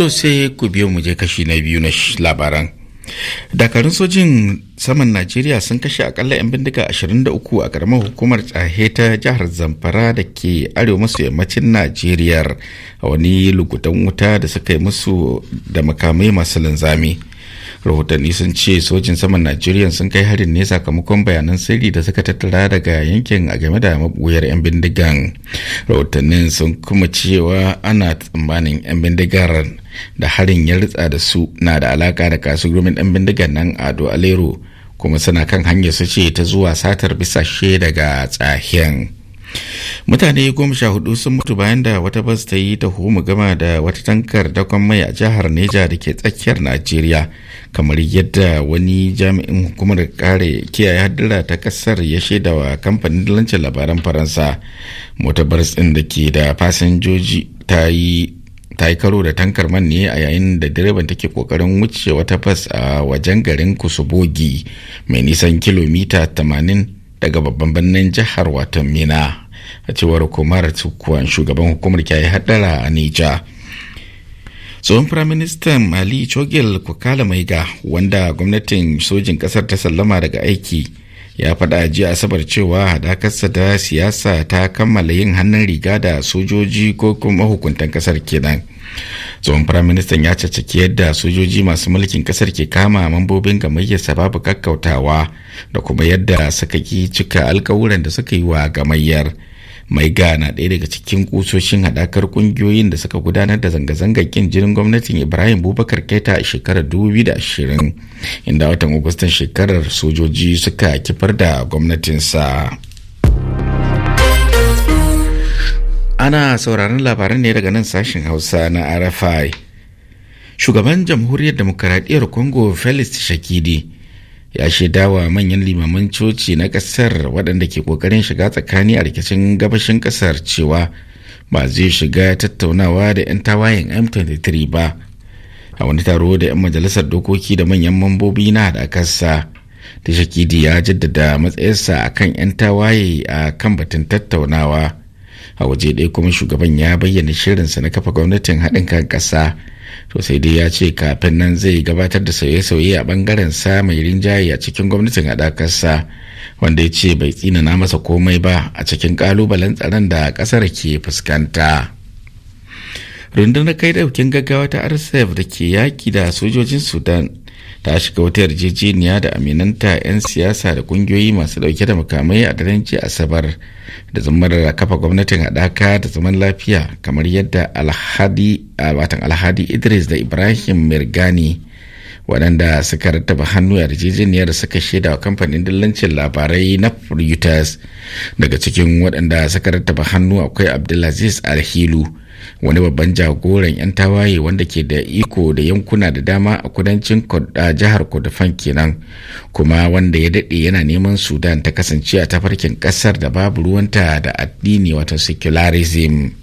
to sai ku biyo mu je kashi na biyu na labaran dakarun sojin saman najeriya sun kashe akalla 'yan bindiga 23 a karamar hukumar tsahe ta jihar zamfara da ke arewa maso yammacin najeriya a wani lugudan wuta da suka yi musu da makamai masu linzami rahotanni sun ce sojin saman najeriya sun kai harin ne sakamakon bayanan sirri da suka tattara daga yankin a game da mabuyar 'yan bindigan rahotannin sun kuma cewa ana tsammanin 'yan bindigar da harin ya ritsa da su na da alaka da kasuwar 'yan bindigan nan ado alero kuma suna kan hanyar su ce ta zuwa satar bisashe daga tsahiyan. mutane goma sha hudu sun mutu bayan da wata bas ta yi ta taho gama da wata tankar dakon mai a jihar neja da ke tsakiyar najeriya kamar yadda wani jami'in hukumar kare kiyaye haddura ta kasar ya shaida wa kamfanin dalancin labaran faransa motar bas din da ke da fasinjoji ta yi ta yi karo da tankar man ne a yayin da direban take kokarin wuce wata bas a wajen garin kusubogi mai nisan kilomita 80 daga babban birnin jihar wato mina a cewar kumar tukwan shugaban hukumar kyaye haɗara a nija tsohon firaministan ali chogel kukala maiga wanda gwamnatin sojin ƙasar ta sallama daga aiki ya faɗa jiya asabar cewa haɗakarsa da siyasa ta kammala yin hannun riga da sojoji ko kuma hukuntan kasar kenan tsohon firaministan ya caccaki yadda sojoji masu mulkin kasar ke kama mambobin gamayyarsa babu kakkautawa da kuma yadda suka ki cika alkawuran da suka yi wa gamayyar maiga na ɗaya daga cikin kusoshin haɗakar ƙungiyoyin da suka gudanar da zanga-zangar kin jinin gwamnatin ibrahim bubakar keta a shekarar 2020 inda watan agustan shekarar sojoji suka kifar da gwamnatinsa ana sauraron labaran ne daga nan sashen hausa na rfi shugaban jamhuriyar demokaradiyyar congo Felis shakidi ya shaidawa manyan limaman coci na kasar waɗanda ke ƙoƙarin shiga tsakani a rikicin gabashin kasar cewa ba zai shiga tattaunawa da 'yan tawayen m23 ba a wani taro da 'yan majalisar dokoki da manyan mambobi na haɗakarsa da shakidi ya jaddada matsayarsa a kan 'yan tawaye a kan batun tattaunawa a waje ɗaya kuma shugaban ya bayyana shirinsa na kafa gwamnatin haɗin kan ƙasa to sai dai ya ce kafin nan zai gabatar da sauye-sauye a bangaren sa mai rinjaye a cikin gwamnatin haɗakarsa wanda ya ce bai tsinana masa komai ba a cikin ƙalubalen tsaron da ƙasar ke fuskanta. rundunar kai daukin gaggawa ta rsf da ke yaƙi da sojojin sudan ta shiga wata yarjejeniya da aminanta 'yan siyasa da kungiyoyi masu dauke da makamai a daren jiya asabar da zamar kafa gwamnatin haɗaka da zaman lafiya kamar yadda alhadi watan alhadi idris da ibrahim mirgani waɗanda suka rattaba hannu a yarjejeniyar suka shaida wa kamfanin dillancin labarai na reuters daga cikin waɗanda suka rattaba hannu akwai abdulaziz alhilu wani babban jagoran 'yan tawaye wanda ke da iko da yankuna da dama a kudancin jihar kodafan kenan kuma wanda ya daɗe yana neman sudan ta kasance a tafarkin ƙasar da babu ruwanta da addini wata secularism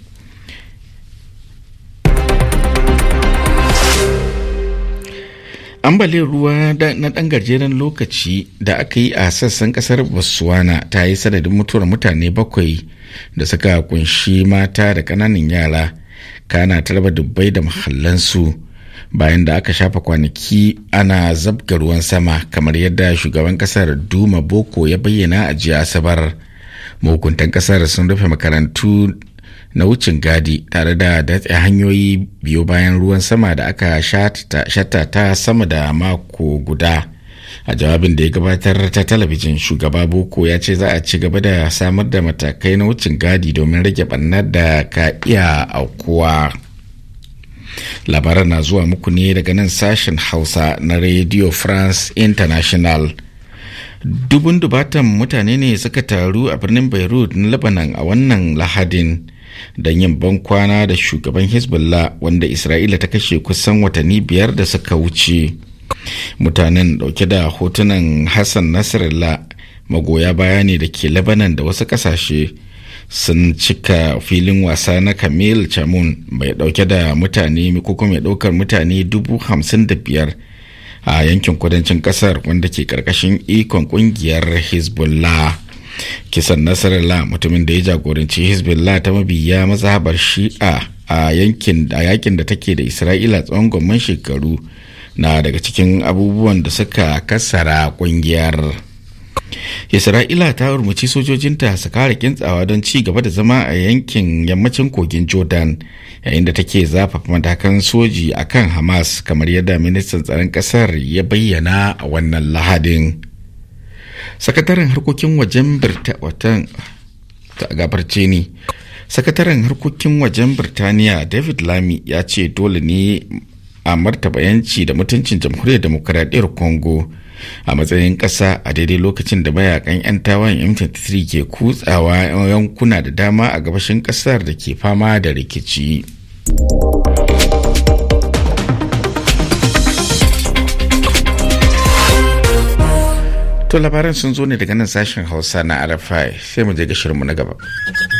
ambalin ruwa na ɗan gajeren lokaci da aka yi a sassan ƙasar botswana ta yi sanadin mutuwar mutane bakwai da suka kunshi mata da ƙananan yara kana tarba dubbai da mahallansu bayan da aka shafa kwanaki ana zabga ruwan sama kamar yadda shugaban ƙasar duma boko ya bayyana a jiya asabar mahukuntan ƙasar sun rufe makarantu na wucin gadi tare da datse hanyoyi biyu bayan ruwan sama da aka shatta ta sama da mako guda a jawabin da ya gabatar ta talabijin shugaba boko ya ce za a ci gaba da samar da matakai na wucin gadi domin rage barnar da ka iya aukuwa labaran na zuwa muku ne daga nan sashen hausa na radio france international dubun dubatan mutane ne suka taru a birnin beirut na lebanon a wannan lahadin don yin bankwana da shugaban hezbollah wanda isra'ila ta kashe kusan watanni biyar da suka wuce mutanen dauke da hotunan hassan nasrallah magoya baya ne da ke labanan da wasu kasashe sun cika filin wasa na kamil chamun mai dauke da mutane ko mai daukar mutane dubu hamsin da biyar a yankin kudancin kasar wanda ke karkashin ikon kungiyar hezbollah kisan nasarar nasarallah mutumin da ya jagoranci hezbollah ta mabiya mazhabar shi'a a yankin a yakin da take da isra'ila tsawon gwamman shekaru na daga cikin abubuwan da suka kasara kungiyar isra'ila ta urmuci sojojinta su kare kintsawa don ci gaba da zama a yankin yammacin kogin jordan yayin da take zafafa matakan soji akan hamas kamar yadda ministan tsaron kasar ya bayyana a wannan lahadin sakataren harkokin wajen sakataren harkokin wajen birtaniya david lami ya ce dole ne a martaba yanci da mutuncin jamhuriyar demokuraɗiyar congo a matsayin ƙasa a daidai lokacin da mayakan 'yan tawayen m23 ke kutsawa yankuna da dama a gabashin ƙasar da ke fama da rikici. to labaran sun zo ne daga nan sashen hausa na arafai sai mu je ga shirinmu na gaba